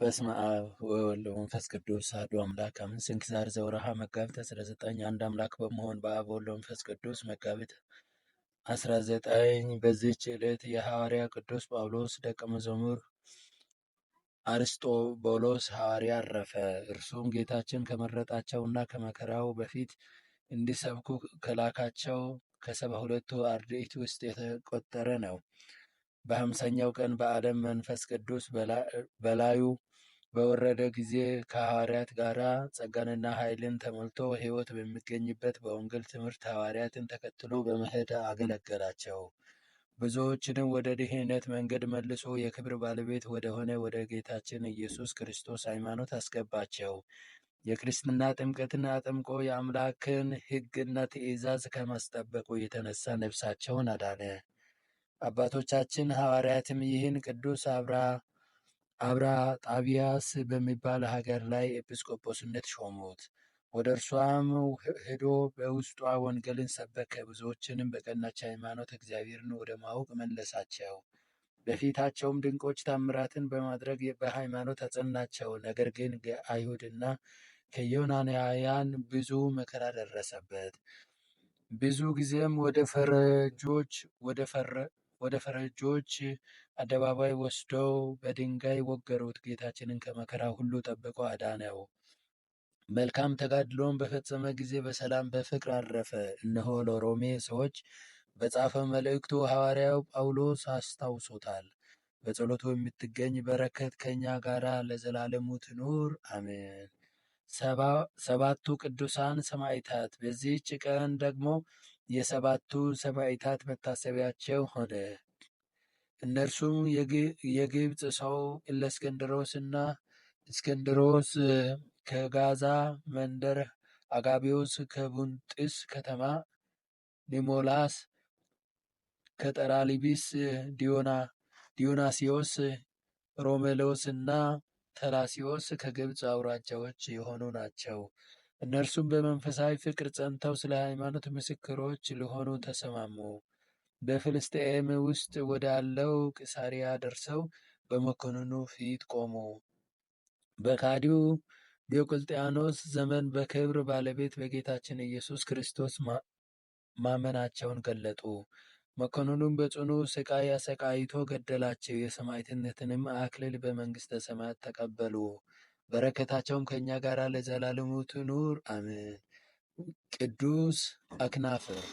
በስመ አብ ወወልድ ወመንፈስ ቅዱስ አሐዱ አምላክ አሜን። ስንክሳር ዘወርኀ መጋቢት 19 አንድ አምላክ በመሆን በአብ ወወልድ ወመንፈስ ቅዱስ። መጋቢት 19 በዚች ዕለት የሐዋርያ ቅዱስ ጳውሎስ ደቀ መዝሙር አርስጦቡሎስ ሐዋርያ አረፈ። እርሱም ጌታችን ከመረጣቸውና ከመከራው በፊት እንዲሰብኩ ከላካቸው ከሰባ ሁለቱ አርድእት ውስጥ የተቆጠረ ነው። በሀምሳኛው ቀን በዓለም መንፈስ ቅዱስ በላዩ በወረደ ጊዜ ከሐዋርያት ጋር ጸጋንና ኃይልን ተሞልቶ ሕይወት በሚገኝበት በወንጌል ትምህርት ሐዋርያትን ተከትሎ በመሄድ አገለገላቸው። ብዙዎችንም ወደ ድህነት መንገድ መልሶ የክብር ባለቤት ወደሆነ ወደ ጌታችን ኢየሱስ ክርስቶስ ሃይማኖት አስገባቸው። የክርስትና ጥምቀትን አጥምቆ የአምላክን ሕግና ትእዛዝ ከማስጠበቁ የተነሳ ነፍሳቸውን አዳነ። አባቶቻችን ሐዋርያትም ይህን ቅዱስ አብራ አብራ ጣቢያስ በሚባል ሀገር ላይ ኤጲስቆጶስነት ሾሙት። ወደ እርሷም ሄዶ በውስጧ ወንጌልን ሰበከ። ብዙዎችንም በቀናች ሃይማኖት እግዚአብሔርን ወደ ማወቅ መለሳቸው። በፊታቸውም ድንቆች ታምራትን በማድረግ በሃይማኖት አጸናቸው። ነገር ግን አይሁድና ከዮናንያን ብዙ መከራ ደረሰበት። ብዙ ጊዜም ወደ ፈረጆች ወደ ወደ ፈረጆች አደባባይ ወስደው በድንጋይ ወገሩት። ጌታችንን ከመከራ ሁሉ ጠብቆ አዳነው። መልካም ተጋድሎን በፈጸመ ጊዜ በሰላም በፍቅር አረፈ። እነሆ ለሮሜ ሰዎች በጻፈ መልእክቱ ሐዋርያው ጳውሎስ አስታውሶታል። በጸሎቱ የምትገኝ በረከት ከእኛ ጋር ለዘላለሙ ትኑር አሜን። ሰባቱ ቅዱሳን ሰማዕታት። በዚህች ቀን ደግሞ የሰባቱ ሰማዕታት መታሰቢያቸው ሆነ። እነርሱም የግብፅ ሰው እለእስክንድሮስና እስክንድሮስ ከጋዛ መንደር፣ አጋቢዎስ ከቡንጥስ ከተማ፣ ኒሞላስ ከጠራሊቢስ፣ ዲዮናሲዮስ፣ ሮሜሎስ እና ተላሲዮስ ከግብፅ አውራጃዎች የሆኑ ናቸው። እነርሱም በመንፈሳዊ ፍቅር ጸንተው ስለ ሃይማኖት ምስክሮች ሊሆኑ ተሰማሙ። በፍልስጤም ውስጥ ወዳለው ቅሳሪያ ደርሰው በመኮንኑ ፊት ቆሙ። በካዲው ዲዮቅልጥያኖስ ዘመን በክብር ባለቤት በጌታችን ኢየሱስ ክርስቶስ ማመናቸውን ገለጡ። መኮንኑም በጽኑ ስቃይ አሰቃይቶ ገደላቸው። የሰማዕትነትንም አክሊል በመንግሥተ ሰማያት ተቀበሉ። በረከታቸውም ከእኛ ጋር ለዘላለሙ ትኑር አሜን። ቅዱስ አክናፍር።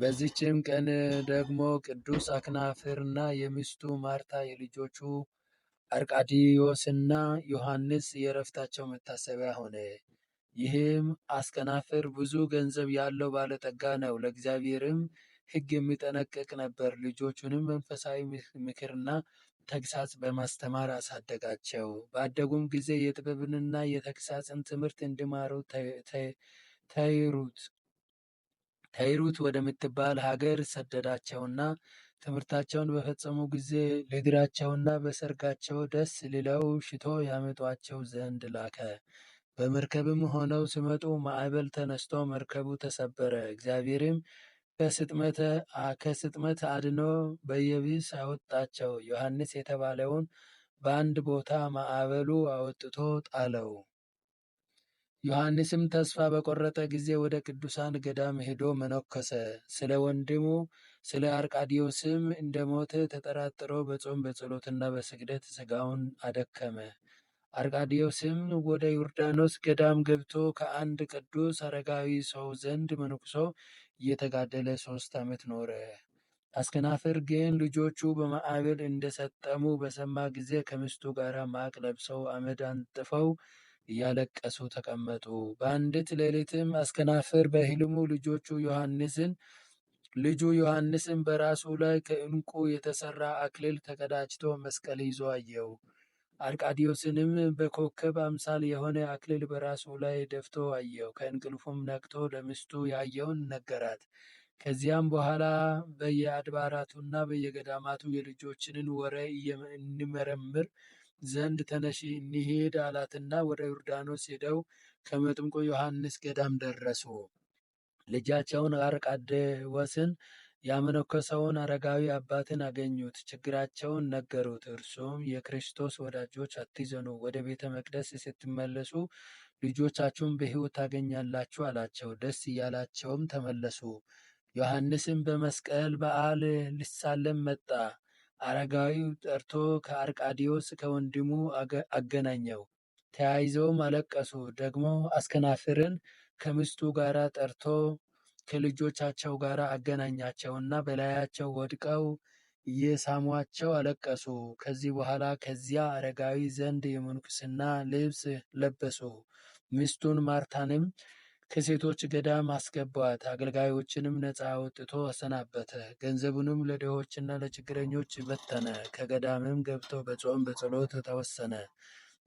በዚችም ቀን ደግሞ ቅዱስ አክናፍርና የሚስቱ ማርታ የልጆቹ አርቃዲዮስና ዮሐንስ የእረፍታቸው መታሰቢያ ሆነ። ይህም አስከናፍር ብዙ ገንዘብ ያለው ባለጠጋ ነው። ለእግዚአብሔርም ሕግ የሚጠነቀቅ ነበር። ልጆቹንም መንፈሳዊ ምክርና ተግሳጽ በማስተማር አሳደጋቸው። ባደጉም ጊዜ የጥበብንና የተግሳጽን ትምህርት እንዲማሩ ተይሩት ተይሩት ወደምትባል ሀገር ሰደዳቸውና ትምህርታቸውን በፈጸሙ ጊዜ ልድራቸውና በሰርጋቸው ደስ ሊለው ሽቶ ያመጧቸው ዘንድ ላከ። በመርከብም ሆነው ሲመጡ ማዕበል ተነስቶ መርከቡ ተሰበረ። እግዚአብሔርም ከስጥመት አድኖ በየቢስ አወጣቸው። ዮሐንስ የተባለውን በአንድ ቦታ ማዕበሉ አወጥቶ ጣለው። ዮሐንስም ተስፋ በቆረጠ ጊዜ ወደ ቅዱሳን ገዳም ሄዶ መነኮሰ። ስለ ወንድሙ ስለ አርቃዲዮስም እንደሞተ ተጠራጥሮ በጾም በጸሎትና በስግደት ስጋውን አደከመ። አርቃዲዮስም ወደ ዮርዳኖስ ገዳም ገብቶ ከአንድ ቅዱስ አረጋዊ ሰው ዘንድ መንኩሶ እየተጋደለ ሶስት ዓመት ኖረ። አስከናፍር ግን ልጆቹ በማዕበል እንደሰጠሙ በሰማ ጊዜ ከሚስቱ ጋር ማቅ ለብሰው አመድ አንጥፈው እያለቀሱ ተቀመጡ። በአንዲት ሌሊትም አስከናፍር በህልሙ ልጆቹ ዮሐንስን ልጁ ዮሐንስን በራሱ ላይ ከእንቁ የተሰራ አክሊል ተቀዳጅቶ መስቀል ይዞ አየው። አርቃዲዮስንም በኮከብ አምሳል የሆነ አክሊል በራሱ ላይ ደፍቶ አየው። ከእንቅልፉም ነቅቶ ለሚስቱ ያየውን ነገራት። ከዚያም በኋላ በየአድባራቱና በየገዳማቱ የልጆችንን ወሬ እንመረምር ዘንድ ተነሺ እንሂድ አላትና ወደ ዮርዳኖስ ሄደው ከመጥምቁ ዮሐንስ ገዳም ደረሱ። ልጃቸውን አርቃዴዎስን ያመነኮሰውን አረጋዊ አባትን አገኙት ችግራቸውን ነገሩት እርሱም የክርስቶስ ወዳጆች አትዘኑ ወደ ቤተ መቅደስ ስትመለሱ ልጆቻችሁን በሕይወት ታገኛላችሁ አላቸው ደስ እያላቸውም ተመለሱ ዮሐንስም በመስቀል በዓል ሊሳለም መጣ አረጋዊው ጠርቶ ከአርቃዲዎስ ከወንድሙ አገናኘው ተያይዘውም አለቀሱ ደግሞ አስከናፍርን ከምስቱ ጋር ጠርቶ ከልጆቻቸው ጋር አገናኛቸውና በላያቸው ወድቀው እየሳሟቸው አለቀሱ። ከዚህ በኋላ ከዚያ አረጋዊ ዘንድ የምንኩስና ልብስ ለበሱ። ሚስቱን ማርታንም ከሴቶች ገዳም አስገቧት። አገልጋዮችንም ነፃ አውጥቶ አሰናበተ። ገንዘቡንም ለድሆችና ለችግረኞች በተነ። ከገዳምም ገብቶ በጾም በጸሎት ተወሰነ።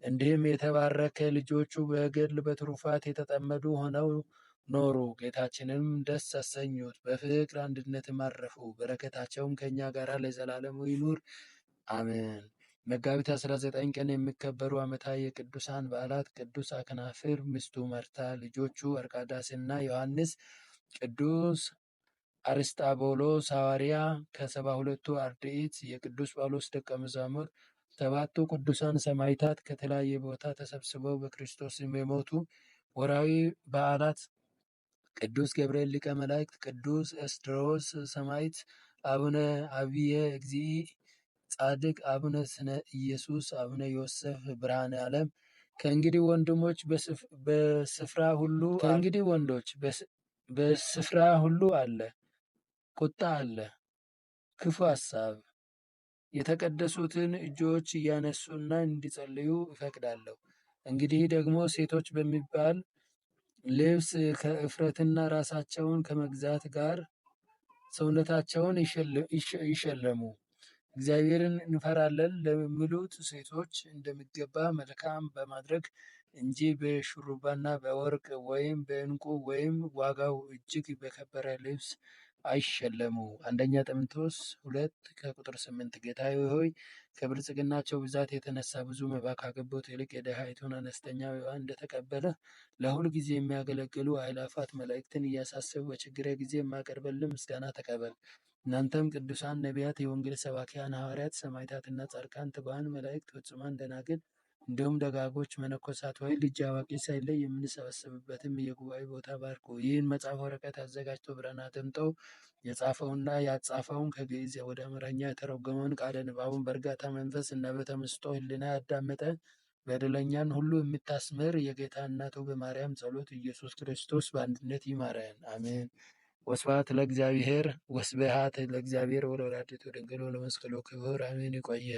እንዲህም የተባረከ ልጆቹ በገድል በትሩፋት የተጠመዱ ሆነው ኖሩ። ጌታችንም ደስ አሰኙት፣ በፍቅር አንድነትም አረፉ። በረከታቸውም ከእኛ ጋር ለዘላለሙ ይኑር አሜን። መጋቢት 19 ቀን የሚከበሩ ዓመታዊ የቅዱሳን በዓላት ቅዱስ አክናፍር ሚስቱ መርታ፣ ልጆቹ አርቃዳስና ዮሐንስ፣ ቅዱስ አርስጣቦሎስ ሐዋርያ ከሰባ ሁለቱ አርድእት፣ የቅዱስ ጳውሎስ ደቀ መዛሙር፣ ሰባቱ ቅዱሳን ሰማዕታት ከተለያየ ቦታ ተሰብስበው በክርስቶስ የሞቱ ወራዊ በዓላት ቅዱስ ገብርኤል ሊቀ መላእክት፣ ቅዱስ ኤስድሮስ ሰማዕት፣ አቡነ አብየ እግዚእ ጻድቅ፣ አቡነ ስነ ኢየሱስ፣ አቡነ ዮሴፍ ብርሃነ ዓለም። ከእንግዲህ ወንድሞች በስፍራ ሁሉ ከእንግዲህ ወንዶች በስፍራ ሁሉ አለ ቁጣ አለ ክፉ ሐሳብ። የተቀደሱትን እጆች እያነሱና እንዲጸልዩ እፈቅዳለሁ። እንግዲህ ደግሞ ሴቶች በሚባል ልብስ ከእፍረትና ራሳቸውን ከመግዛት ጋር ሰውነታቸውን ይሸለሙ። እግዚአብሔርን እንፈራለን ለሚሉት ሴቶች እንደሚገባ መልካም በማድረግ እንጂ በሽሩባና በወርቅ ወይም በእንቁ ወይም ዋጋው እጅግ በከበረ ልብስ አይሸለሙ። አንደኛ ጢሞቴዎስ ሁለት ከቁጥር ስምንት ጌታዬ ሆይ ከብልጽግናቸው ብዛት የተነሳ ብዙ መባ ካገቡት ይልቅ የድሃይቱን አነስተኛ መባ እንደተቀበለ ለሁል ጊዜ የሚያገለግሉ አእላፋት መላእክትን እያሳሰቡ በችግረ ጊዜ የማቀርበልን ምስጋና ተቀበል። እናንተም ቅዱሳን ነቢያት፣ የወንጌል ሰባኪያን ሐዋርያት፣ ሰማዕታትና ጻድቃን፣ ትጉሃን መላእክት፣ ፍጹማን ደናግል እንዲሁም ደጋጎች መነኮሳት ወይ ልጅ አዋቂ ሳይለይ የምንሰበስብበትም የጉባኤ ቦታ ባርኩ። ይህን መጽሐፍ ወረቀት አዘጋጅቶ ብራና አጥምጠው የጻፈውና ያጻፈውን ከግዕዝ ወደ አማርኛ የተረጎመውን ቃለ ንባቡን በእርጋታ መንፈስ እና በተመስጦ ሕሊና ያዳመጠ በደለኛን ሁሉ የምታስምር የጌታ እናቱ በማርያም ጸሎት ኢየሱስ ክርስቶስ በአንድነት ይማረን፣ አሜን። ወስብሐት ለእግዚአብሔር ወስብሐት ለእግዚአብሔር ወለወላዲቱ ድንግል ወለመስቀሉ ክቡር፣ አሜን። ይቆየ